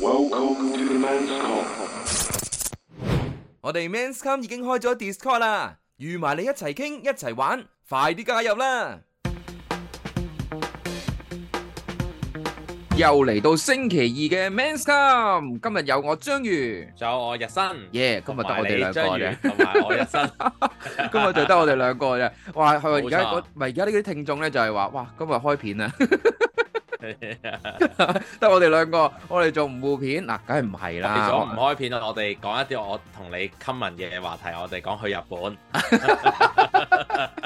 Welcome to the Men's Come。我哋 Men's Come 已經開咗 Discord 啦，預埋你一齊傾，一齊玩，快啲加入啦！又嚟到星期二嘅 Men's Come，今日有我章魚，仲有我日新，耶！今日得我哋兩個啫，今日就得我哋兩個啫。哇！係咪而家我咪而家呢啲聽眾咧就係話哇，今日開片啊！得 我哋兩個，我哋做唔互片嗱，梗係唔係啦。我唔開片，我哋講一啲我同你 common 嘅話題，我哋講去日本。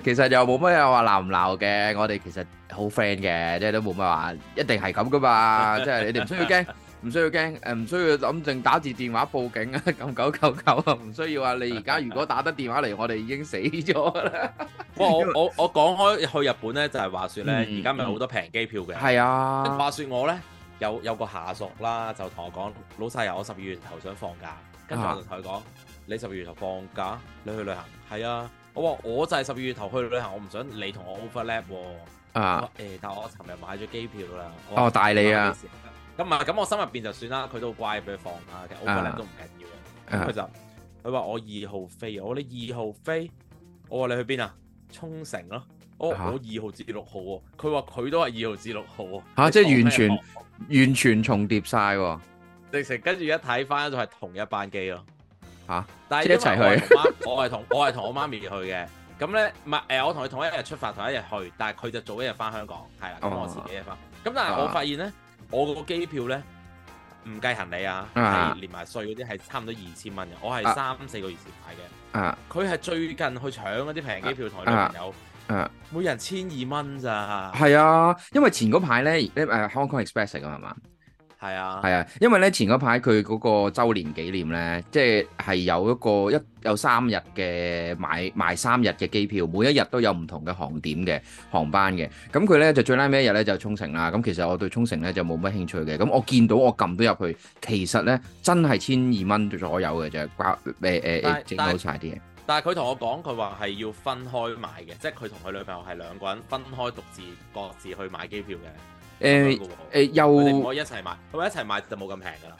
其實又冇乜嘢話鬧唔鬧嘅，我哋其實好 friend 嘅，即係都冇乜話一定係咁噶嘛， 即係你哋唔需要驚。唔需要驚，誒唔需要諗，淨打字電話報警啊，咁九九九啊，唔需要啊！你而家如果打得電話嚟，我哋已經死咗啦。不 過我我我講開去日本咧，就係、是、話説咧，而家咪好多平機票嘅。係啊。話説我咧有有個下屬啦，就同我講老細啊，我十二月頭想放假。跟住我就同佢講：啊、你十二月頭放假，你去旅行？係啊。我話我就係十二月頭去旅行，我唔想你同我 overlap。啊。誒、啊欸，但係我尋日買咗機票啦。哦，帶你啊！咁啊，咁我心入邊就算啦，佢都乖，俾佢放啦，其實 overlap 都唔緊要嘅。咁佢就佢話我二號飛，我話你二號飛，我話你去邊啊？沖繩咯，我我二號至六號喎。佢話佢都係二號至六號喎。吓，即係完全完全重疊晒，直情跟住一睇翻就係同一班機咯。吓，但係一齊去，我係同我係同我媽咪去嘅。咁咧，唔係誒，我同佢同一日出發，同一日去，但係佢就早一日翻香港，係啦，咁我自己一翻。咁但係我發現咧。我個機票咧唔計行李啊，係、啊、連埋稅嗰啲係差唔多二千蚊嘅，我係三、啊、四個月前買嘅。佢係、啊、最近去搶嗰啲平機票台、啊，女朋友，啊啊、每人千二蚊咋。係啊，因為前嗰排咧，誒、uh, Hong Kong Express 啊係嘛？係啊，係啊，因為咧前嗰排佢嗰個周年紀念咧，即係係有一個一有三日嘅買賣三日嘅機票，每一日都有唔同嘅航點嘅航班嘅。咁佢咧就最 last 尾一日咧就沖繩啦。咁其實我對沖繩咧就冇乜興趣嘅。咁我見到我撳到入去，其實咧真係千二蚊左右嘅啫。誒誒整好晒啲嘢。但係佢同我講，佢話係要分開買嘅，即係佢同佢女朋友係兩個人分開獨自各自去買機票嘅。誒誒、呃呃、又，唔可以一齊買，佢話一齊買就冇咁平㗎啦。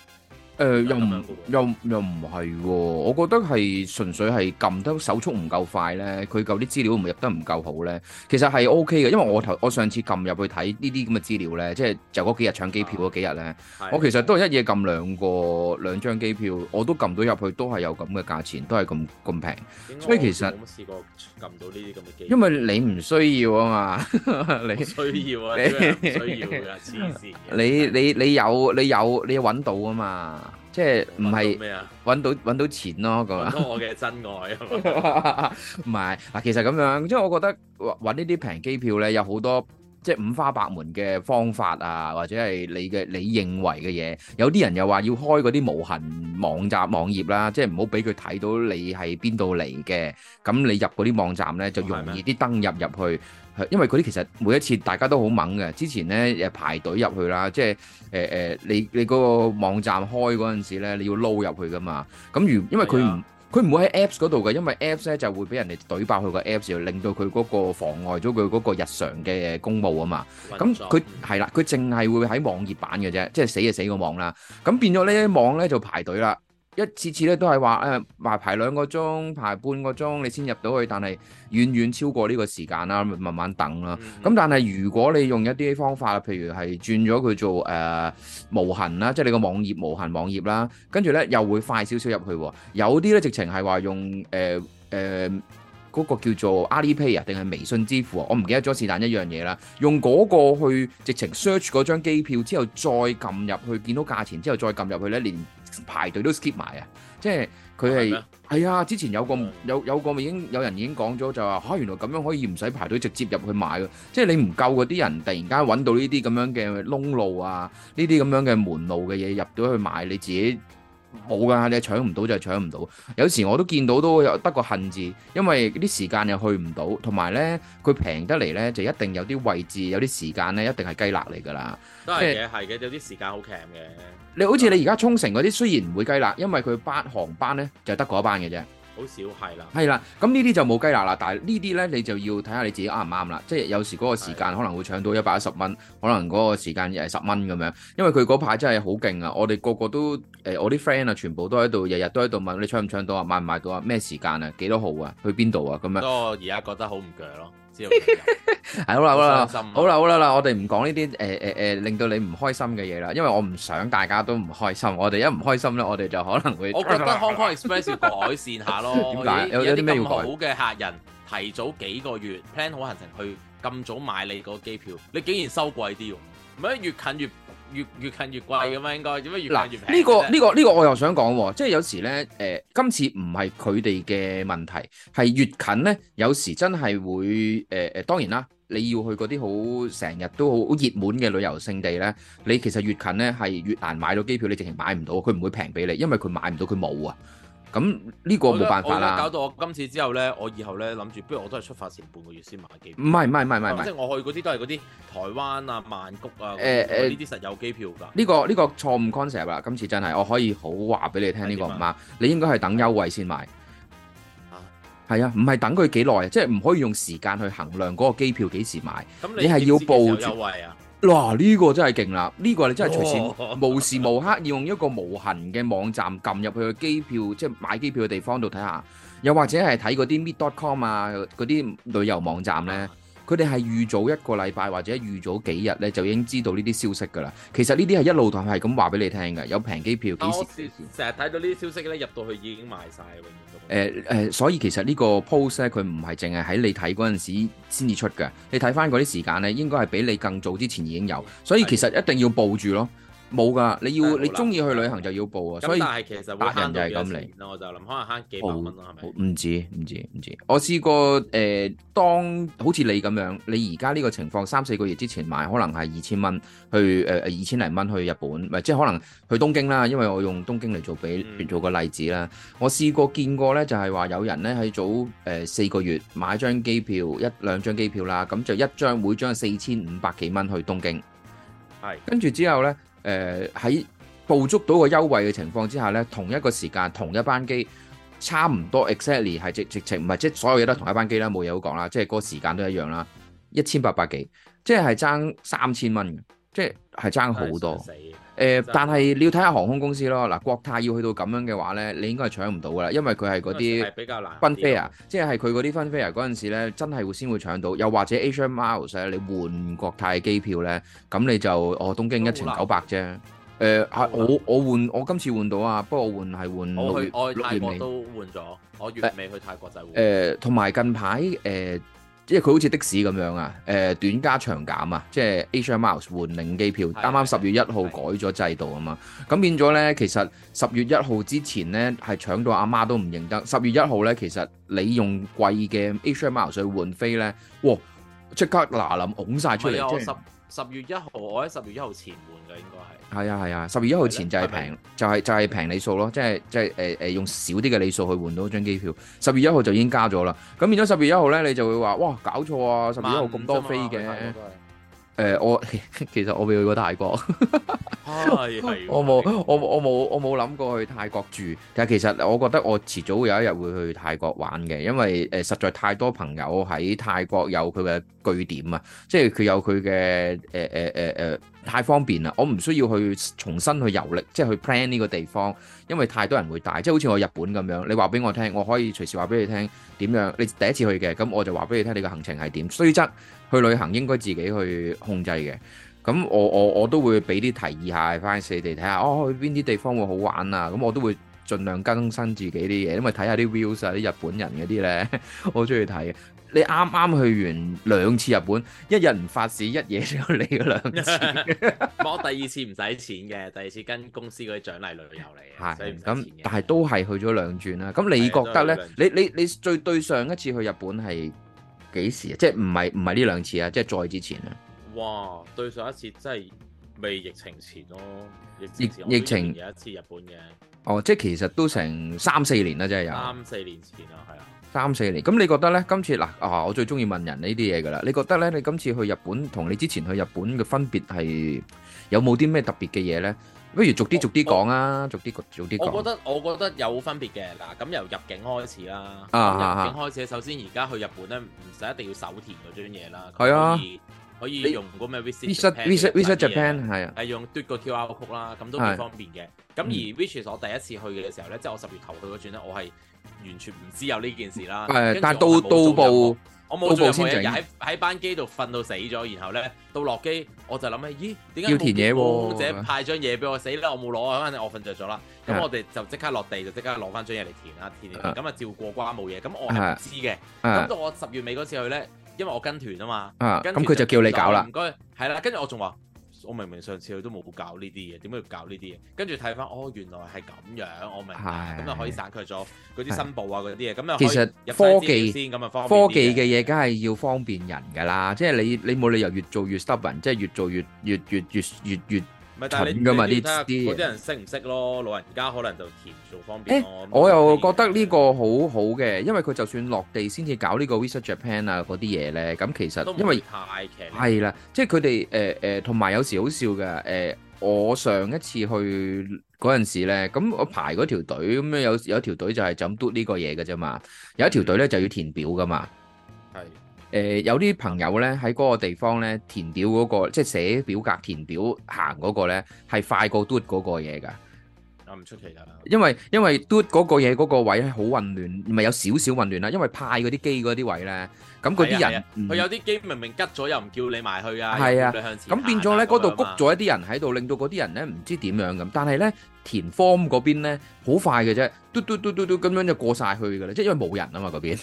誒又唔又又唔係喎，我覺得係純粹係撳得手速唔夠快咧，佢嚿啲資料唔入得唔夠好咧。其實係 OK 嘅，因為我頭我上次撳入去睇呢啲咁嘅資料咧，即係就嗰幾日搶機票嗰幾日咧，我其實都係一嘢撳兩個兩張機票，我都撳到入去，都係有咁嘅價錢，都係咁咁平。所以其實有冇試過撳到呢啲咁嘅機？因為你唔需要啊嘛，你需要啊，需要㗎，黐線。你你你有你有你揾到啊嘛？即係唔係揾到揾到錢咯，揾到我嘅真愛啊唔係嗱，其實咁樣，即係我覺得揾呢啲平機票呢，有好多即係五花八門嘅方法啊，或者係你嘅你認為嘅嘢。有啲人又話要開嗰啲無痕網站網頁啦，即係唔好俾佢睇到你係邊度嚟嘅。咁你入嗰啲網站呢，就容易啲登入入去。哦因為佢哋其實每一次大家都好猛嘅，之前咧誒排隊入去啦，即係誒誒你你嗰個網站開嗰陣時咧，你要撈入去噶嘛，咁如因為佢唔佢唔會喺 Apps 嗰度嘅，因為的 Apps 咧 app 就會俾人哋隊爆佢個 Apps，令到佢嗰個妨礙咗佢嗰個日常嘅公務啊嘛，咁佢係啦，佢淨係會喺網頁版嘅啫，即係死就死個網啦，咁變咗呢啲網咧就排隊啦。一次次咧都係話誒，排排兩個鐘，排，排半個鐘，你先入到去，但係遠遠超過呢個時間啦，慢慢等啦。咁但係如果你用一啲方法，譬如係轉咗佢做誒、呃、無痕啦，即係你個網頁無痕網頁啦，跟住呢又會快少少入去。有啲呢直情係話用誒誒嗰個叫做 Alipay 啊，定係微信支付啊，我唔記得咗是但一樣嘢啦。用嗰個去直情 search 嗰張機票之後再，再撳入去見到價錢之後，再撳入去呢。連。排隊都 skip 埋啊！即係佢係係啊！之前有個有有個已經有人已經講咗，就話吓原來咁樣可以唔使排隊直接入去買嘅。即係你唔夠嗰啲人，突然間揾到呢啲咁樣嘅窿路啊，呢啲咁樣嘅門路嘅嘢入到去買你自己。冇㗎、啊，你搶唔到就係搶唔到。有時我都見到都有得個恨字，因為啲時間又去唔到，同埋呢，佢平得嚟呢，就一定有啲位置，有啲時間呢，一定係雞肋嚟㗎啦。都係嘅，係嘅、就是，有啲時間好殘嘅。你好似你而家沖繩嗰啲，雖然唔會雞肋，因為佢班航班呢，就得嗰班嘅啫。好少係啦，係啦，咁呢啲就冇雞乸啦，但係呢啲呢，你就要睇下你自己啱唔啱啦，即係有時嗰個時間的可能會搶到一百一十蚊，可能嗰個時間又係十蚊咁樣，因為佢嗰排真係好勁啊！我哋個個都誒、呃，我啲 friend 啊，全部都喺度，日日都喺度問你搶唔搶到，買買到啊，買唔買到啊，咩時間啊，幾多號啊，去邊度啊咁樣。不過而家覺得好唔鋸咯。係好啦，好啦，好啦，好啦，嗱，我哋唔講呢啲誒誒誒令到你唔開心嘅嘢啦，因為我唔想大家都唔開心，我哋一唔開心咧，我哋就可能會。我覺得 Hong Kong Express 要改善下咯。點解 麼有有啲咁好嘅客人提早幾個月 plan 好行程去咁早買你個機票，你竟然收貴啲喎？唔係越近越。越越近越貴咁啊，應該點解越近越平？呢、這個呢、這個呢、這個我又想講喎、啊，即係有時呢，誒、呃，今次唔係佢哋嘅問題，係越近呢，有時真係會誒誒、呃，當然啦，你要去嗰啲好成日都好熱門嘅旅遊勝地呢，你其實越近呢，係越難買到機票，你直情買唔到，佢唔會平俾你，因為佢買唔到，佢冇啊。咁呢個冇辦法啦，搞到我今次之後咧，我以後咧諗住，不如我都係出發前半個月先買機票。唔係唔係唔係唔係，即係我去嗰啲都係嗰啲台灣啊、曼谷啊，誒誒呢啲實有機票噶呢個呢個錯誤 concept 啦，今次真係，我可以好話俾你聽，呢個唔啱，你應該係等優惠先買。啊，係啊，唔係等佢幾耐，即係唔可以用時間去衡量嗰個機票幾時買。咁你係要報優惠啊？嗱，呢、這個真係勁啦！呢、這個你真係隨時，無時無刻要用一個無痕嘅網站撳入去嘅機票，即係買機票嘅地方度睇下，又或者係睇嗰啲 meet.com 啊，嗰啲旅遊網站呢。佢哋係預早一個禮拜或者預早幾日咧，就已經知道呢啲消息噶啦。其實呢啲係一路都係咁話俾你聽嘅，有平機票幾時？成日睇到呢啲消息咧，入到去已經賣晒。永遠都。誒誒、呃呃，所以其實呢個 post 佢唔係淨係喺你睇嗰陣時先至出嘅。你睇翻嗰啲時間咧，應該係比你更早之前已經有。所以其實一定要報住咯。冇噶，你要你中意去旅行就要報啊！所以但係其實達人就係咁嚟，我就諗可能慳幾百蚊咯，係咪？唔止唔止唔止，我試過誒，當好似你咁樣，你而家呢個情況三四個月之前買，可能係二千蚊去誒二千零蚊去日本，唔即係可能去東京啦，因為我用東京嚟做比做個例子啦。嗯、我試過見過呢，就係、是、話有人呢喺早誒、呃、四個月買張機票一兩張機票啦，咁就一張每張四千五百幾蚊去東京，係跟住之後呢。誒喺、呃、捕捉到個優惠嘅情況之下咧，同一個時間同一班機，差唔多 exactly 係直直情，唔係即係所有嘢都同一班機啦，冇嘢好講啦，即係個時間都一樣啦，一千八百幾，即係爭三千蚊嘅，即係爭好多。誒，呃就係、但係你要睇下航空公司咯。嗱，國泰要去到咁樣嘅話咧，你應該係搶唔到噶啦，因為佢係嗰啲比較難分飛 Fun Fair, 啊。即係係佢嗰啲分飛啊，嗰陣時咧，真係會先會搶到。又或者 Asian Miles 你換國泰機票咧，咁你就哦東京一程九百啫。誒、呃，係、嗯嗯、我我換我今次換到啊，不過我換係換去。我去我去泰國都換咗，嗯、我月尾去泰國就換。誒、呃，同埋近排誒。呃呃即係佢好似的士咁樣啊，誒、呃、短加長減啊，即係 Asia Miles 換領機票，啱啱十月一號改咗制度啊嘛，咁的變咗呢。其實十月一號之前呢，係搶到阿媽都唔認得，十月一號呢，其實你用貴嘅 Asia Miles 去換飛呢，哇！即刻嗱臨擁晒出嚟。我十十月一號，我喺十月一號前換嘅，應該係。係啊係啊，十月一號前就係平的、就是，就係就係平里數咯，即係即係誒誒用少啲嘅里數去換到一張機票。十月一號就已經加咗啦。咁變咗十月一號咧，你就會話哇，搞錯啊！十月一號咁多飛嘅。誒、呃，我其實我未去過泰國。 哎、我冇我我冇我冇諗過去泰國住。但係其實我覺得我遲早有一日會去泰國玩嘅，因為誒、呃、實在太多朋友喺泰國有佢嘅據點啊，即係佢有佢嘅誒誒誒誒。呃呃呃呃呃太方便啦，我唔需要去重新去遊歷，即係去 plan 呢個地方，因為太多人會帶，即係好似我日本咁樣。你話俾我聽，我可以隨時話俾你聽點樣。你第一次去嘅，咁我就話俾你聽，你嘅行程係點。雖則去旅行應該自己去控制嘅，咁我我我都會俾啲提議下，翻去四地睇下，哦，去邊啲地方會好玩啊。咁我都會盡量更新自己啲嘢，因為睇下啲 views 啊，啲日本人嗰啲咧，我好中意睇。你啱啱去完兩次日本，一日唔發市，一夜就嚟咗兩次 我第二次唔使錢嘅，第二次跟公司啲獎勵旅遊嚟。係咁嘅，但係都係去咗兩轉啦。咁你對覺得呢？你你你，你，你最對上一次去日本係幾時啊？即係唔係唔係呢兩次啊？即係再之前啊？哇！對上一次真係未疫情前咯、哦。疫情疫情有一次日本嘅。哦，即係其實都成三四年啦，真係有。三四年前啦，係啊。三四年，咁你覺得呢？今次嗱，啊，我最中意問人呢啲嘢噶啦。你覺得呢？你今次去日本同你之前去日本嘅分別係有冇啲咩特別嘅嘢呢？不如逐啲逐啲講啊，逐啲逐啲講。我覺得，我覺得有分別嘅嗱。咁由入境開始啦，啊啊、入境開始，首先而家去日本呢，唔使一定要手填嗰張嘢啦，係啊的。可以用嗰咩 Visit Japan 係啊，係用篤個 QR code 啦，咁都幾方便嘅。咁而 Visit 我第一次去嘅時候咧，即係我十月頭去嗰轉咧，我係完全唔知有呢件事啦。但係到到步，我冇做嘢，喺喺班機度瞓到死咗，然後咧到落機，我就諗咧，咦點解要填嘢或者派張嘢俾我，死啦，我冇攞啊，可能我瞓着咗啦。咁我哋就即刻落地就即刻攞翻張嘢嚟填啦，填咁啊，照過關冇嘢。咁我係唔知嘅。咁到我十月尾嗰次去咧。因為我跟團啊嘛，咁佢就叫你搞啦。唔該，係啦。跟住我仲話，我明明上次佢都冇搞呢啲嘢，點解要搞呢啲嘢？跟住睇翻，哦，原來係咁樣，我明咁啊，可以省卻咗嗰啲申報啊嗰啲嘢。咁啊，其實科技先咁啊，方便啲。科技嘅嘢梗係要方便人㗎啦，即係你你冇理由越做越 stubborn，即係越做越越越越越越。蠢噶嘛呢啲，啲這些 人識唔識咯？老人家可能就填數方便。誒我又覺得呢個好好嘅，因為佢就算落地先至搞呢個 Visit Japan 啊嗰啲嘢咧，咁其實因為太劇。係啦，即係佢哋誒誒，同、呃、埋、呃、有，有時好笑嘅誒、呃，我上一次去嗰陣時咧，咁我排嗰條隊咁樣，有有條隊就係咁 do 呢個嘢嘅啫嘛，有一條隊咧就要填表噶嘛，係。誒有啲朋友咧喺嗰個地方咧填表嗰個，即係寫表格填表行嗰個咧，係快過嘟嗰個嘢㗎。啊唔出奇啦，因為因為嘟嗰個嘢嗰個位好混亂，咪有少少混亂啦。因為派嗰啲機嗰啲位咧，咁嗰啲人佢有啲機明明吉咗又唔叫你埋去啊，係啊，咁變咗咧嗰度谷咗一啲人喺度，令到嗰啲人咧唔知點樣咁。但係咧填 form 嗰邊咧。好快嘅啫，嘟嘟嘟嘟嘟咁樣就過晒去噶啦，即係因為冇人啊嘛嗰邊。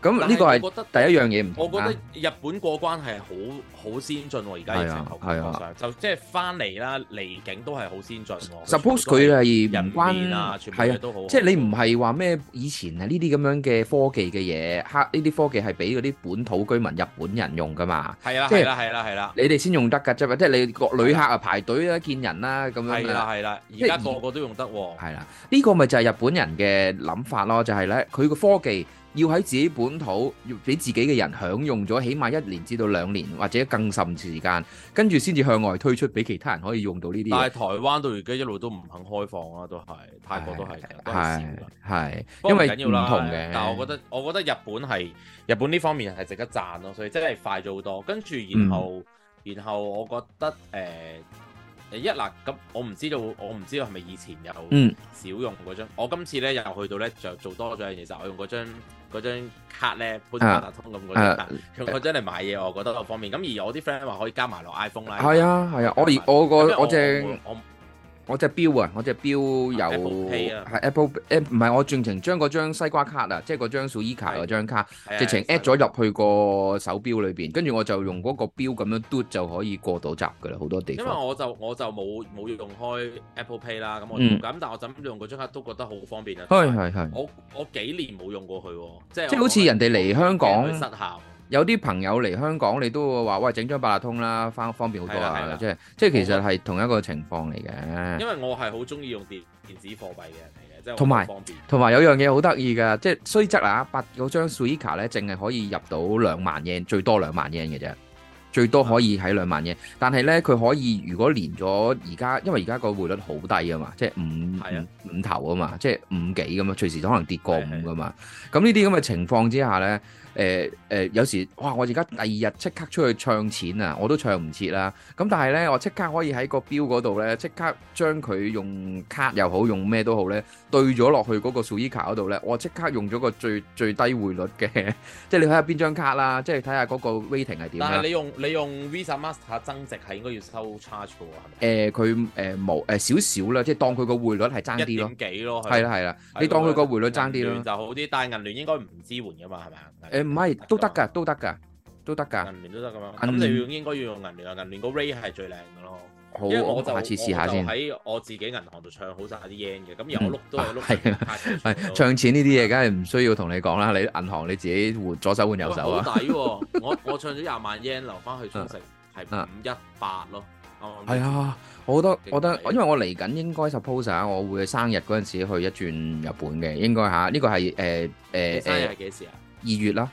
咁 呢個係覺得第一樣嘢唔同，我覺得日本過關係好好先進喎、啊，而家全球就即係翻嚟啦，離境都係好先進、啊。Suppose 佢係人面啊，關全部都，都好。即係、啊就係、你唔係話咩？以前係呢啲咁樣嘅科技嘅嘢，吓呢啲科技係俾嗰啲本土居民、日本人用噶嘛？係啦、啊，係啦，係啦，係啦，你哋先用得㗎啫嘛。即係你各旅客啊排隊啦、啊、見人啦、啊、咁樣、啊。係啦、啊，係啦，而家個個都用得喎、啊。係啦、嗯。嗯。呢個咪就係日本人嘅諗法咯，就係呢佢個科技要喺自己本土要俾自己嘅人享用咗，起碼一年至到兩年或者更甚時間，跟住先至向外推出俾其他人可以用到呢啲。但係台灣到而家一路都唔肯開放啦，都係泰國都係，係係，不過唔緊要啦。唔同嘅，但係我覺得我覺得日本係日本呢方面係值得讚咯，所以真係快咗好多。跟住然後然後我覺得誒。一嗱，咁、嗯嗯、我唔知道，我唔知道係咪以前又少用嗰張，我今次咧又去到咧就做，做多咗其實，我用嗰張，張卡咧，好似八達通咁嗰張卡，用嗰張嚟買嘢我覺得好方便。咁而我啲 friend 話可以加埋落 iPhone 咧，係啊係啊，啊我而、那個、我個我正我。我我我隻表啊，我隻表有係 Apple Pay，誒，唔係我盡情將嗰張西瓜卡啊，即係嗰張 Suica 卡嗰張卡，是直情 at 咗入去個手錶裏邊，跟住我就用嗰個表咁樣嘟就可以過到閘噶啦，好多地方。因為我就我就冇冇用開 Apple Pay 啦，咁我唔敢，嗯、但我就用嗰張卡都覺得好方便啊。係係係。我我幾年冇用過佢喎，即係即係好似人哋嚟香港失效。有啲朋友嚟香港，你都會話，喂，整張八達通啦，翻方便好多啊！係啦，即係即係，其實係同一個情況嚟嘅。因為我係好中意用電電子貨幣嘅人嚟嘅，即係好方便。同埋有樣嘢好得意嘅，即係雖則啊，八嗰張 Suica 咧，淨係可以入到兩萬 yen 最多兩萬 yen 嘅啫，最多可以喺兩萬 yen，嗯、但係咧，佢可以如果連咗而家，因為而家個匯率好低啊嘛，即係五五五頭啊嘛，即係五幾咁樣，隨時都可能跌過五噶嘛。咁呢啲咁嘅情況之下咧。誒誒，有時哇，我而家第二日即刻出去唱錢啊，我都唱唔切啦。咁但係咧，我即刻可以喺個表嗰度咧，即刻將佢用卡又好，用咩都好咧，對咗落去嗰個 Suica 嗰度咧，我即刻用咗個最最低匯率嘅，即係你睇下邊張卡啦，即係睇下嗰個 rating 係點。但係你用你用 Visa、Master 增值係應該要收 charge 喎？誒，佢誒無誒少少啦，即係當佢個匯率係爭啲咯。一點幾咯。係啦係啦，你當佢個匯率爭啲咯。銀聯就好啲，但係銀聯應該唔支援噶嘛，係咪啊？唔係都得噶，都得噶，都得噶。銀聯都得噶嘛？咁你要應該要用銀聯啊。銀聯個 Ray 係最靚嘅咯。好，我下次試下先。喺我自己銀行度唱好曬啲 yen 嘅，咁有碌都係碌。係係，唱錢呢啲嘢，梗係唔需要同你講啦。你銀行你自己換左手換右手啊。抵我我唱咗廿萬 yen 留翻去充食，係五一八咯。係啊，我覺得我覺得，因為我嚟緊應該 suppose 啊，我會生日嗰陣時去一轉日本嘅，應該嚇呢個係誒誒誒。生日係幾時啊？二月啦，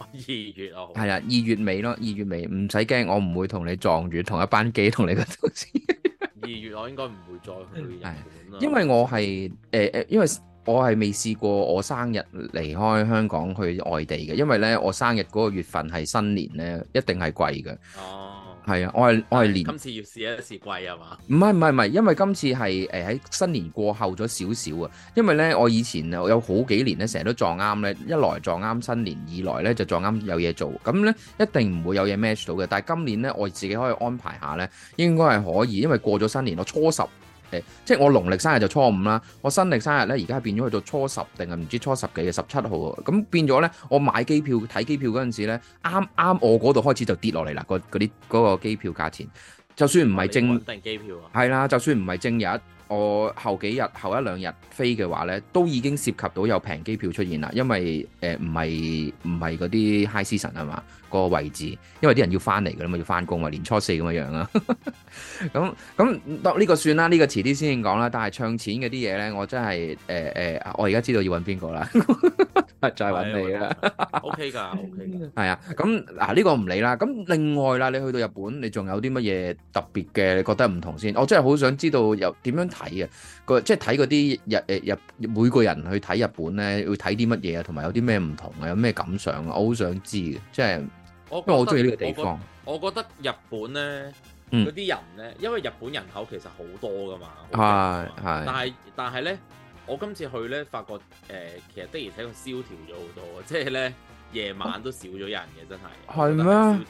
二月我係啊，二月尾咯，二月尾唔使驚，我唔會同你撞住同一班機同你個同事。 二月我應該唔會再去日本啦，因為我係誒誒，因為我係、呃、未試過我生日離開香港去外地嘅，因為咧我生日嗰個月份係新年咧，一定係貴嘅。啊係啊，我係我係年今次要試一試季啊嘛？唔係唔係唔係，因為今次係誒喺新年過後咗少少啊。因為呢，我以前我有好幾年呢，成日都撞啱呢，一來撞啱新年，二來呢，就撞啱有嘢做，咁呢，一定唔會有嘢 match 到嘅。但係今年呢，我自己可以安排下呢，應該係可以，因為過咗新年，我初十。即係我農曆生日就初五啦。我新曆生日呢而家變咗去到初十定係唔知初十幾啊，十七號咁變咗呢。我買機票睇機票嗰陣時呢，啱啱我嗰度開始就跌落嚟啦。嗰啲嗰個機票價錢，就算唔係正，定機票啊，係啦、啊，就算唔係正日，我後幾日後一兩日飛嘅話呢，都已經涉及到有平機票出現啦。因為誒唔係唔係嗰啲 high season 啊嘛。呃個位置，因為啲人要翻嚟噶啦嘛，要翻工啊，年初四咁嘅樣啊。咁 咁，當呢、這個算啦，呢、這個遲啲先講啦。但係唱錢嘅啲嘢咧，我真係誒誒，我而家知道要搵邊個啦， 再搵你啦。OK 噶，OK 噶，係啊。咁嗱，呢、啊這個唔理啦。咁另外啦，你去到日本，你仲有啲乜嘢特別嘅？你覺得唔同先？我真係好想知道又點樣睇啊。個即係睇嗰啲日誒日，日，日每個人去睇日本咧，會睇啲乜嘢啊？有有同埋有啲咩唔同啊？有咩感想啊？我好想知即係。我覺得因為好中意呢個地方，我，我覺得日本咧嗰啲人咧，因為日本人口其實好多㗎嘛，係係。但係但係咧，我今次去咧，發覺誒、呃，其實的而且確蕭條咗好多，即係咧夜晚都少咗人嘅，啊、真係。係咩？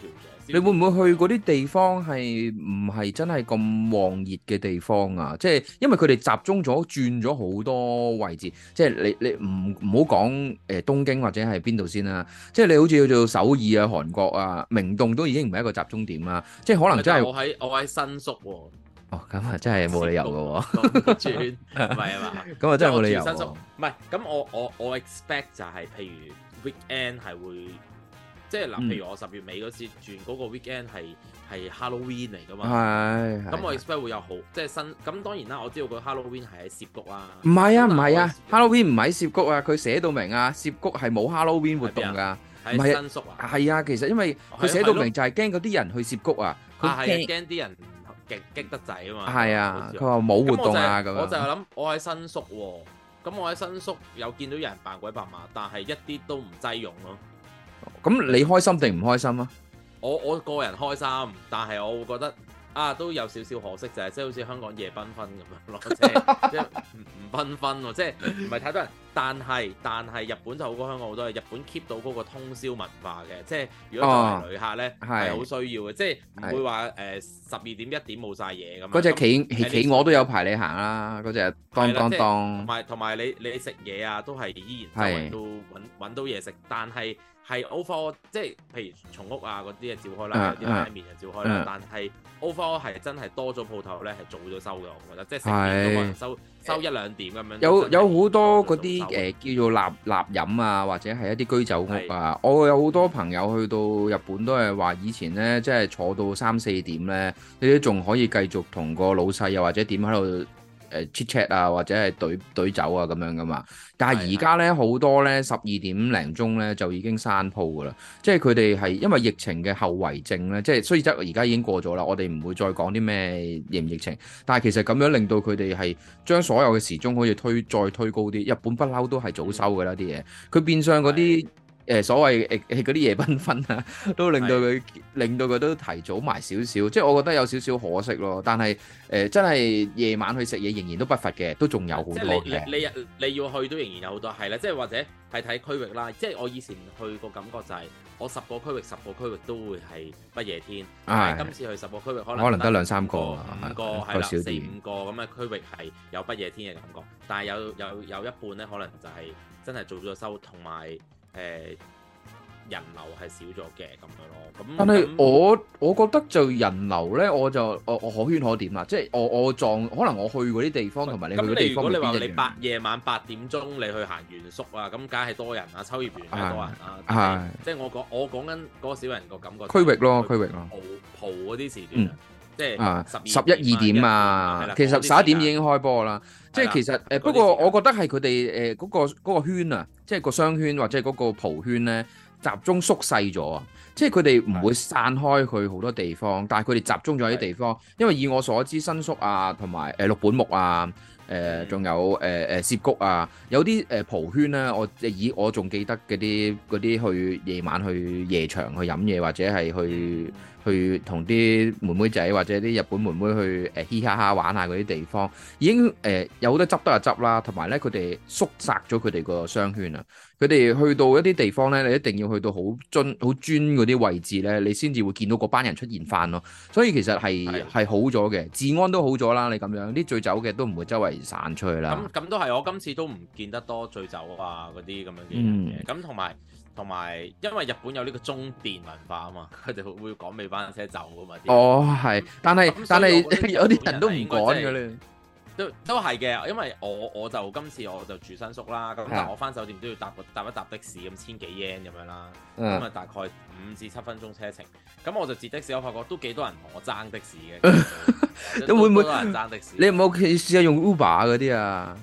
你會唔會去嗰啲地方係唔係真係咁旺熱嘅地方啊？即係因為佢哋集中咗轉咗好多位置，即係你你唔唔好講誒、東京或者係邊度先啦，即係你好似叫做首爾啊、韓國啊、明洞都已經唔係一個集中點啦，即係可能真係我喺我喺新宿喎。哦，咁啊，真係冇理由噶喎。轉，唔係啊嘛，咁啊真係冇理由。新宿？唔係，咁我我我 expect 就係譬如 weekend 係會。即係嗱，譬如我十月尾嗰時轉嗰個 weekend 係係 Halloween 嚟噶嘛？係。咁我 expect 會有好即係新咁，當然啦，我知道個 Halloween 係喺涉谷啊。唔係啊，唔係啊，Halloween 唔喺涉谷啊，佢寫到明啊，涉谷係冇 Halloween 活動噶。喺新宿啊。係啊，其實因為佢寫到明就係驚嗰啲人去涉谷啊，佢驚啲人極激得滯啊嘛。係啊，佢話冇活動啊咁樣。我就係諗，我喺新宿喎，咁我喺新宿又見到有人扮鬼扮馬，但係一啲都唔擠擁咯。咁你開心定唔開心啊？我我個人開心，但係我會覺得啊，都有少少可惜，就係即係好似香港夜繽紛咁樣咯，即係即係唔繽紛喎，即係唔係太多人。但係但係日本就好過香港好多嘅，日本 keep 到嗰個通宵文化嘅，即係如果作為旅客咧係好需要嘅，即係唔會話誒十二點一點冇晒嘢咁。嗰隻企企鵝都有排你行啦，嗰隻當當當。同埋同埋你你食嘢啊都係依然都揾到嘢食，但係係 overall，即係譬如松屋啊嗰啲嘢照開啦，啲拉麪就照開啦，但係 overall 係真係多咗鋪頭咧係早咗收嘅，我覺得即係食嘢都可能收收一兩點咁樣。有有好多嗰啲。誒、呃、叫做立立飲啊，或者係一啲居酒屋啊，的我有好多朋友去到日本都係話，以前呢，即係坐到三四點呢，你都仲可以繼續同個老細又或者點喺度。誒 chit chat 啊，或者係隊隊走啊咁樣噶嘛，但係而家呢，好的多呢，十二點零鐘呢，就已經閂鋪噶啦，即係佢哋係因為疫情嘅後遺症呢，即係雖則而家已經過咗啦，我哋唔會再講啲咩疫唔疫情，但係其實咁樣令到佢哋係將所有嘅時鐘可以推再推高啲，日本不嬲都係早收噶啦啲嘢，佢變相嗰啲。誒所謂誒誒嗰啲夜繽紛啊，都令到佢的令到佢都提早埋少少，即係我覺得有少少可惜咯。但係誒、呃、真係夜晚去食嘢仍然都不乏嘅，都仲有好多你你，你要去都仍然有好多係啦，即係或者係睇區域啦。即係我以前去個感覺就係、係、我十個區域十個區域都會係不夜天。啊，今次去十個區域可能、哎、可能得兩三個、五個係啦，五個咁嘅區域係有不夜天嘅感覺，但係有有有，有一半咧可能就係真係做咗收同埋。誒人流係少咗嘅咁樣咯，咁但係我那我覺得就人流咧，我就我我可圈可點啦，即、就、係、是、我我撞可能我去嗰啲地方同埋不你去嗰啲地方你如果你話你八夜晚八點鐘你去行原宿啊，咁梗係多人啊，秋葉原梗係多人啊，係即係我講我講緊嗰少人個感覺個。區域咯，區域咯，蒲蒲嗰啲時段、嗯。啊，十一二點啊，其實十一點已經開波啦。即係、啊、其實誒，不過我覺得係佢哋誒嗰個嗰個圈啊，即、就、係、係、個商圈或者係嗰個蒲圈咧，集中縮細咗。即係佢哋唔會散開去好多地方，但係佢哋集中咗喺啲地方，因為以我所知，新宿啊，同埋誒六本木啊，誒、呃、仲有誒誒涉谷啊，有啲誒蒲圈咧，啊，我以我仲記得嗰啲啲去夜晚去夜場去飲嘢或者係去去同啲妹妹仔或者啲日本妹妹去誒、呃、嘻哈哈玩下嗰啲地方，已經誒、呃、有好多執都係執啦，同埋呢，佢哋縮窄咗佢哋個商圈啊。佢哋去到一啲地方咧，你一定要去到好尊好尊嗰啲位置咧，你先至會見到嗰班人出現翻咯。所以其實係係的好咗嘅，治安都好咗啦。你咁樣啲醉酒嘅都唔會周圍散出去啦。咁咁都係，我今次都唔見得多醉酒啊嗰啲咁樣嘅嘢。咁同埋同埋，因為日本有呢個終電文化啊嘛，佢哋會趕尾班車走啊嘛。哦，係，但係但係是 有啲人都唔趕嘅咧。都都係嘅，因為我我就今次我就住新宿啦，咁的但我翻酒店都要搭搭一搭的士咁、嗯、千幾 yen 咁樣啦，咁啊的大概五至七分鐘車程，咁我就截的士，我發覺都幾多人同我爭的士嘅， 都會唔會多人爭的士嘅？你唔好嘅試下用 Uber 嗰啲啊，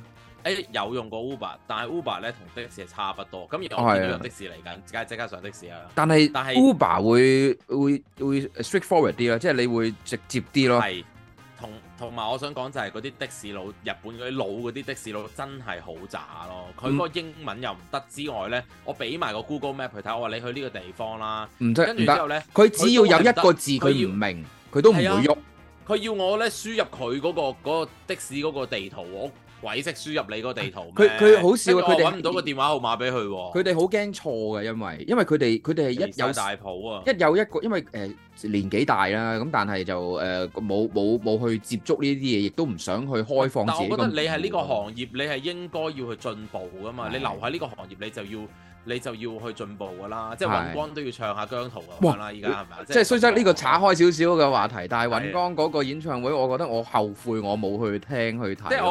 誒、欸、有用過 Uber，但係 Uber 咧同的士係差不多，咁而我見到有的士嚟緊，而家即刻上的士啊！但係是但係是 Uber 會會會，會 straightforward 啲咯，即係你會直接啲咯。同同埋我想講就係嗰啲的士佬，日本嗰啲老嗰啲的士佬真係好渣咯！佢個英文又唔得之外呢，我俾埋個 Google Map 佢睇，我話你去呢個地方啦，跟住之後呢，佢只要有一個字佢唔明，佢都唔會喐，佢、啊、要我呢輸入佢嗰、嗰個嗰個的士嗰個地圖鬼識輸入你個地圖，佢佢好笑，佢哋搵唔到個電話號碼俾佢。佢哋好驚錯嘅，因為因為佢哋佢哋係一有大鋪啊，一有一個，因為誒、呃、年紀大啦，咁但係就誒冇冇冇去接觸呢啲嘢，亦都唔想去開放自己。但我覺得你係呢個行業，你係應該要去進步噶嘛。對你留喺呢個行業，你就要。你就要去進步噶啦，即係尹光都要唱下姜濤咁樣啦，依家係咪即係雖則呢個岔開少少嘅話題，對但係尹光嗰個演唱會，我覺得我後悔我冇去聽的去睇看。即係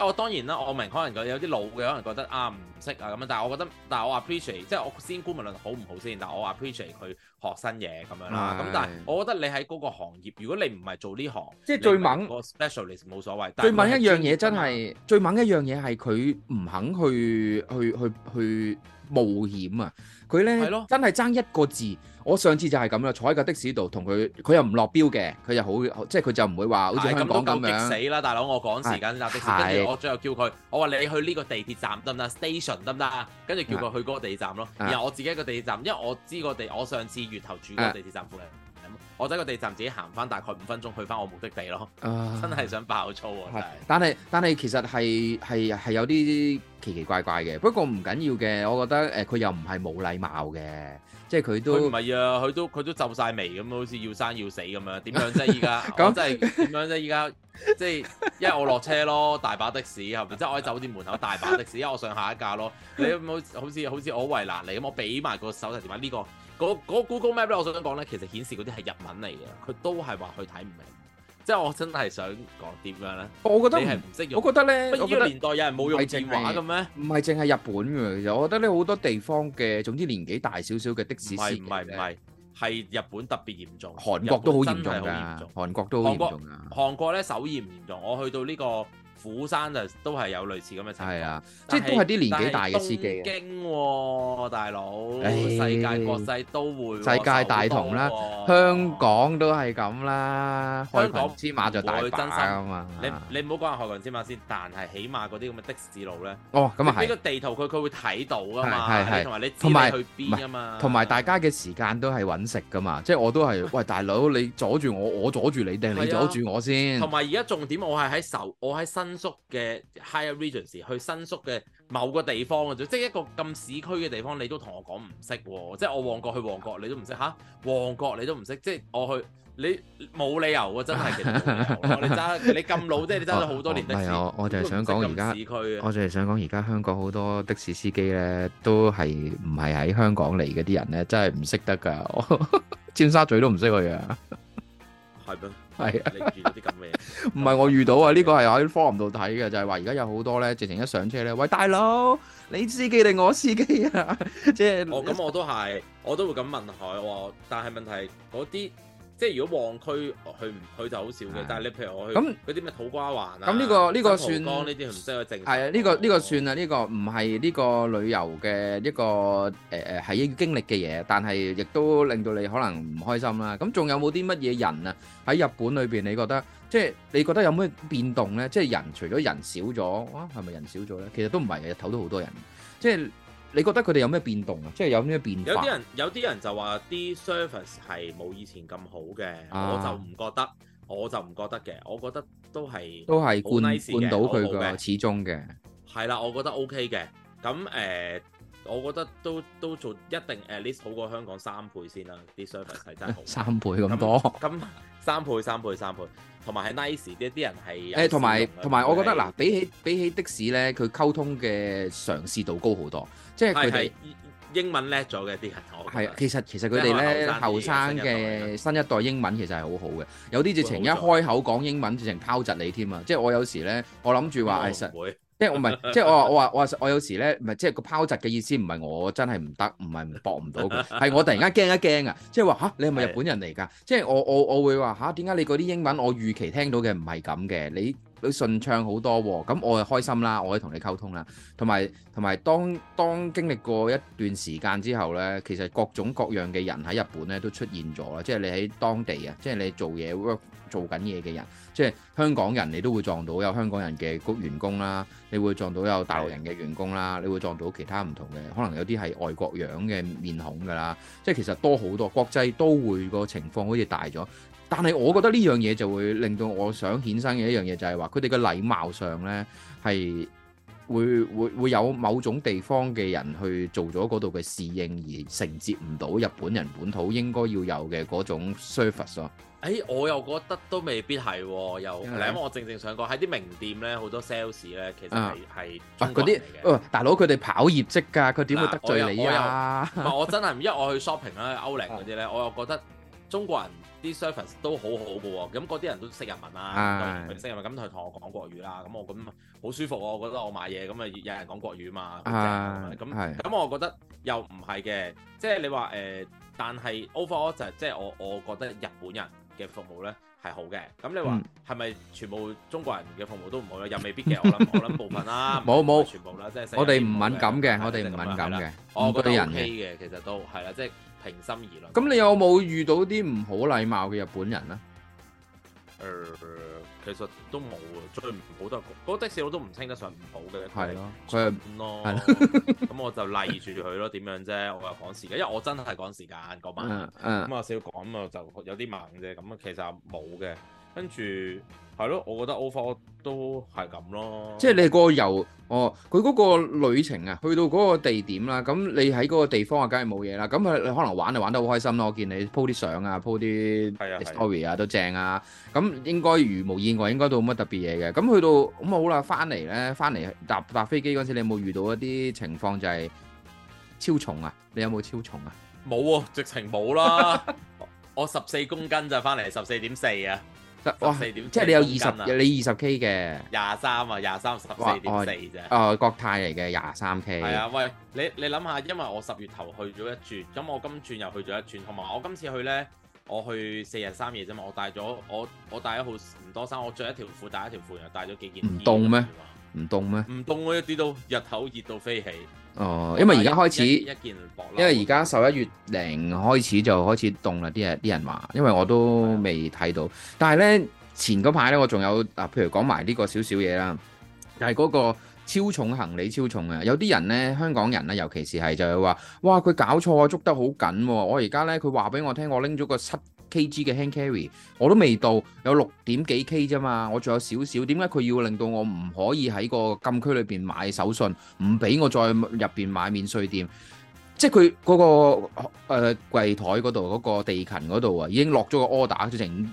我我當然啦，我明可能有啲老嘅可能覺得啊唔識啊咁樣，但係我覺得，但係我 appreciate，即係我先姑勿論好唔好先，但係我 appreciate 佢學新嘢咁樣啦。咁的但係我覺得你喺嗰個行業，如果你唔係做呢行，即係最猛個 specialist 冇所謂。但最猛一樣嘢真係最猛一樣嘢係佢唔肯去去去去。去去去冒險啊！佢咧的真係爭一個字，我上次就係咁啦，坐喺架的士度同佢，佢又唔落標嘅，佢又好即係佢就唔會話好似咁都夠激死啦，大佬我趕時間啦，跟住的我最後叫佢，我話你去呢個地鐵站得唔得？Station 得唔得？跟住叫佢去嗰個地鐵站咯。的然後我自己一個，的個地鐵站，因為我知個地，我上次月頭住嗰個地鐵站附近。的我仔個地站，自己行翻大概五分鐘去翻我的目的地咯，啊、真係想爆粗啊！但係但係其實係係係有啲奇奇怪怪嘅，不過唔緊要嘅。我覺得誒佢又唔係冇禮貌嘅，即係佢都唔係啊！佢都佢都皺晒眉咁，好似要生要死咁樣。點樣啫？依家咁即係點樣啫？依家即係因為我落車咯，大把的士係咪？即係 我喺酒店門口大把的士，因為我上下一架咯。你好好似好似我為難你咁，我俾埋個手提電話呢個。嗰嗰 Google Map 咧，我想講咧，其實顯示嗰啲係日文嚟嘅，佢都係話佢睇唔明，即係我真係想講點樣咧？我覺得你係唔識用，我覺得咧，我覺得呢個年代有人冇用正話嘅咩？唔係淨係日本嘅。其實我覺得呢好多地方嘅，總之年紀大少少嘅的士司唔係唔係，係日本特別嚴重，韓國都好嚴重㗎，韓國都好韓國韓國咧首爾嚴重，我去到呢個。釜山就都係有類似咁嘅情況，係啊，即係都係啲年紀大嘅司機。東京喎，大佬，世界國際都會世界大同啦，香港都係咁啦。香港黐馬就大把嘛。你你唔好講話海豚黐馬先，但係起碼嗰啲咁嘅的士路咧，哦咁啊，喺個地圖佢佢會睇到噶嘛，係係，同埋你同埋去邊啊嘛，同埋大家嘅時間都係揾食噶嘛，即係我都係，喂大佬，你阻住我，我阻住你定你阻住我先？同埋而家重點，我係喺受，我喺新。新宿嘅 higher regions，去新宿嘅某個地方嘅啫，即係一個咁市區嘅地方，你都同我講唔識，即係我旺角去旺角，你都唔識吓，旺角你都唔識，即係我去你冇理由喎，真係，你揸你咁老，即係你揸咗好多年的士啊，我就係想講而家，我就係想講而家香港好多的士司機咧，都係唔係喺香港嚟嗰啲人咧，真係唔識得噶，尖沙咀都唔識去啊，係係是啊，你見到啲咁嘅嘢，唔係我遇到啊，呢的個係喺 forum 度睇嘅，就係話而家有好多咧，直情一上車咧，喂，大佬，你司機定我司機啊？即係我咁，我都係，我都會咁問佢，但係問題嗰啲。即係如果旺區去唔去就好少嘅，的但係你譬如我去咁嗰啲咩土瓜灣啊，咁呢個呢個算？呢啲唔需係。啊，呢個呢個算啊，呢個唔係呢個旅遊嘅一個誒誒係經歷嘅嘢，但係亦都令到你可能唔開心啦。咁仲有冇啲乜嘢人啊？喺日本裏邊，你覺得即係你覺得有咩變動咧？即係人除咗人少咗，哇係咪人少咗咧？其實都唔係嘅，日頭都好多人，即係。你覺得佢哋有咩變動變啊？即係有咩變動？有啲人有啲人就話啲 service 係冇以前咁好嘅，我就唔覺得，我就唔覺得嘅。我覺得都係都係 good 嘅，始終嘅係啦，我覺得 OK 嘅咁誒，我覺得都都做一定誒，至少好過香港三倍先啦。啲 service 係真係好 三倍咁多，咁三倍、三倍、三倍，同埋喺 nice 啲啲人係誒，同埋同埋我覺得嗱是，比起比起的士咧，佢溝通嘅嘗試度高好多。即係佢哋英文叻咗嘅啲人，係啊，其實其實佢哋咧後生嘅新，新一代英文其實係好好嘅，有啲直情一開口講英文直情拋窒你添啊！即係我有時咧，我諗住話，其實，即係 我唔係，即係我我話我我有時咧，唔係即係個拋窒嘅意思唔係我真係唔得，唔係駁唔到，係 我突然間驚一驚啊！即係話吓，你係咪日本人嚟㗎？的即係我我我，我會話吓，點、啊、解你嗰啲英文我預期聽到嘅唔係咁嘅？你？你順暢好多喎，咁我係開心啦，我可以同你溝通啦，同埋同埋當當經歷過一段時間之後呢，其實各種各樣嘅人喺日本呢都出現咗啦，即係你喺當地啊，即係你做嘢 work 做緊嘢嘅人，即係香港人你都會撞到有香港人嘅員工啦，你會撞到有大陸人嘅員工啦，你會撞到其他唔同嘅，可能有啲係外國樣嘅面孔㗎啦，即係其實多好多國際都會個情況好似大咗。但係我覺得呢樣嘢就會令到我想衍生嘅一樣嘢，就係話佢哋嘅禮貌上咧係會會會有某種地方嘅人去做咗嗰度嘅侍應，而承接唔到日本人本土應該要有嘅嗰種 service 咯。誒，我又覺得都未必係，又嚟，因為我正正想講喺啲名店咧，好多 sales 咧其實係係中國嚟嘅。大佬佢哋跑業績㗎，佢點會得罪你啊？唔係我真係，因為我去 shopping 啦，歐寧嗰啲咧，我又覺得。中國人啲 service 都好好嘅喎，咁嗰啲人都識日文啦，佢識日文咁佢同我講國語啦，咁我咁好舒服，我覺得我買嘢咁啊有人講國語嘛，咁咁我覺得又唔係嘅，即係你話誒，但係 overall 就係即係我我覺得日本人嘅服務咧係好嘅，咁你話係咪全部中國人嘅服務都唔好咧？又未必嘅，我諗我諗部分啦，冇冇全部啦，即係我哋唔敏感嘅，我哋唔敏感嘅，我覺得人嘅。其實都平心而論，咁你有冇遇到啲唔好禮貌嘅日本人咧？誒、呃，其實都冇啊，最唔好就係嗰的士佬都唔稱得上唔好嘅，係的咯，佢係咁咯，咁 我就勵住佢咯，點樣啫？我又趕時間，因為我真係趕時間嗰晚，咁、那、阿、個、少講啊，就有啲慢啫，咁啊其實冇嘅，跟住。係咯，我覺得 all four 都係咁咯。即係你個遊哦，佢嗰個旅程啊，去到嗰個地點啦，咁你喺嗰個地方啊，梗係冇嘢啦。咁佢你可能玩就玩得好開心咯。我見你 po 啲相啊，po 啲 story 啊，都正啊。咁應該如無意外，應該都冇乜特別嘢嘅。咁去到咁好啦，翻嚟咧，翻嚟搭搭飛機嗰陣時，你有冇遇到一啲情況就係超重啊？你有冇超重啊？冇喎，直情冇啦。我十四公斤就，翻嚟十四點四啊。哇！四點，即係你有二十，你二十 K 嘅，廿三啊，廿三十四點四啫，啊，23，哦，國泰嚟嘅廿三 K。係啊，喂，你你諗下，因為我十月頭去咗一轉，咁我今轉又去咗一轉，同埋我今次去呢，我去四日三夜啫嘛，我帶咗我我帶咗好唔多衫，我着一條褲，帶一條褲，又帶咗幾件，唔凍咩？唔凍咩？唔凍喎，一啲都日頭熱到飛起。哦，因為而家開始一件，因為而家十一月零開始就開始凍啦，啲人啲人話。因為我都未睇到，的但係呢，前嗰排呢，我仲有啊，譬如講埋呢個少少嘢啦。但係嗰個超重行李超重啊，有啲人呢，香港人啦，尤其是係就係話，哇佢搞錯啊，捉得好緊喎！我而家呢，佢話俾我聽，我拎咗個七 kg 嘅 hand carry 我都未到，有六點幾 k 啫嘛，我仲有少少，點解佢要令到我唔可以喺個禁區裏邊買手信，唔俾我再入邊買免稅店？即係佢嗰個誒、呃、櫃台嗰度嗰個地勤嗰度啊，已經落咗個 order 嘅程。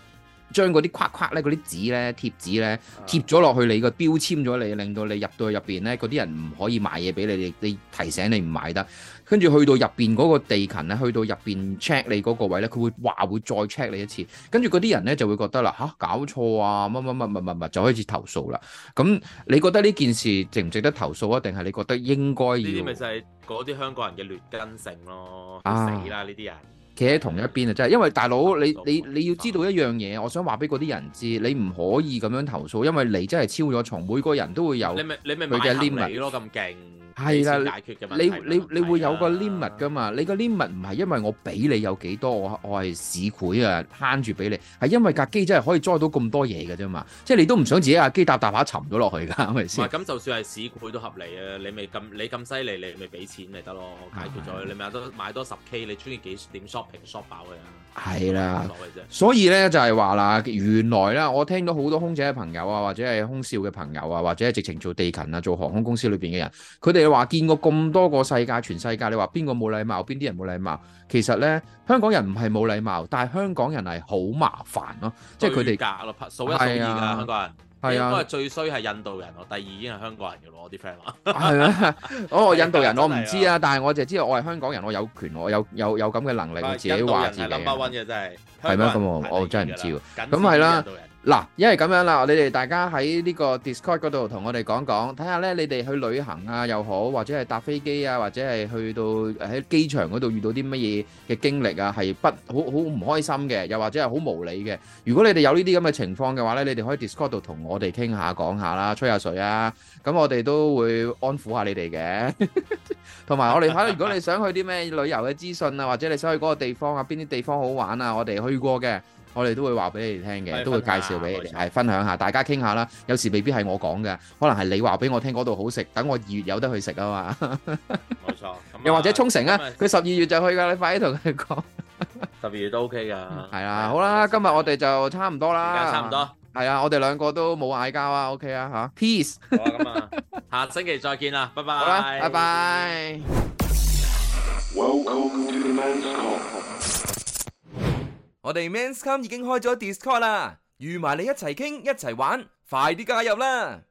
將嗰啲框框咧、嗰啲紙咧、貼紙咧、啊、貼咗落去你個標籤咗你，令到你入到去入邊咧，嗰啲人唔可以買嘢俾你，你提醒你唔買得。跟住去到入邊嗰個地勤咧，去到入邊 check 你嗰個位咧，佢會話會再 check 你一次。跟住嗰啲人咧就會覺得啦嚇、啊、搞錯啊乜乜乜乜乜乜，就開始投訴啦。咁你覺得呢件事值唔值得投訴啊？定係你覺得應該要？呢啲咪就係嗰啲香港人嘅劣根性咯，啊、死啦呢啲人！企喺同一邊啊！真係，因為大佬你你你要知道一樣嘢，我想話俾嗰啲人知，你唔可以咁樣投訴，因為你真係超咗重。每個人都會有你。你咪你咪買 limit 咯，咁勁。係啦，你你你，你會有個 limit 㗎嘛？的你個 limit 唔係因為我俾你有幾多，我我係市儈啊，慳住俾你，係因為架機真係可以載到咁多嘢嘅啫嘛。即係你都唔想自己架機搭搭下沉咗落去㗎，係咪先？唔係，咁就算係市儈都合理啊！你咪咁你咁犀利，你咪俾錢咪得咯，我解決咗佢。的你買多買多十 K，你中意幾點 shopping shop 飽佢啦？係啦，所以呢就係話啦，原來呢，我聽到好多空姐嘅朋友啊，或者係空少嘅朋友啊，或者係直情做地勤啊，做航空公司裏邊嘅人，佢哋話見過咁多個世界，全世界，你話邊個冇禮貌，邊啲人冇禮貌？其實呢，香港人唔係冇禮貌，但係香港人係好麻煩咯，了即係佢哋數一數二的香港人。係是啊，應該最衰係印度人咯，第二已經係香港人嘅咯，我啲 friend 話。係 啊，我、哦、印度人我唔知啊，但係、啊、我淨係知道我係香港人，我有權，我有有有咁嘅能力，不是自己話事嘅。係咩？咁我我真係唔知喎，咁係啦，嗱，因為咁樣啦，你哋大家喺呢個 Discord 嗰度同我哋講講，睇下咧你哋去旅行啊又好，或者係搭飛機啊，或者係去到喺機場嗰度遇到啲乜嘢嘅經歷啊，係不好好唔開心嘅，又或者係好無理嘅。如果你哋有呢啲咁嘅情況嘅話咧，你哋可以 Discord 度同我哋傾下講下啦，吹下水啊，咁我哋都會安撫下你哋嘅。同埋我哋睇，如果你想去啲咩旅遊嘅資訊啊，或者你想去嗰個地方啊，邊啲地方好玩啊，我哋去。去過嘅，我哋都會話俾你哋聽嘅，都會介紹俾你哋，係分享下，大家傾下啦。有時未必係我講嘅，可能係你話俾我聽嗰度好食，等我二月有得去食啊嘛。冇錯，又或者沖繩啊，佢十二月就去噶，你快啲同佢講。十二月都 OK 噶。係啦，好啦，今日我哋就差唔多啦，差唔多。係啊，我哋兩個都冇嗌交啊，OK 啊吓，peace。好啊，咁啊，下星期再見啦，拜拜，拜拜。我哋 Men's Come 已經開咗 Discord 啦，預埋你一齊傾一齊玩，快啲加入啦！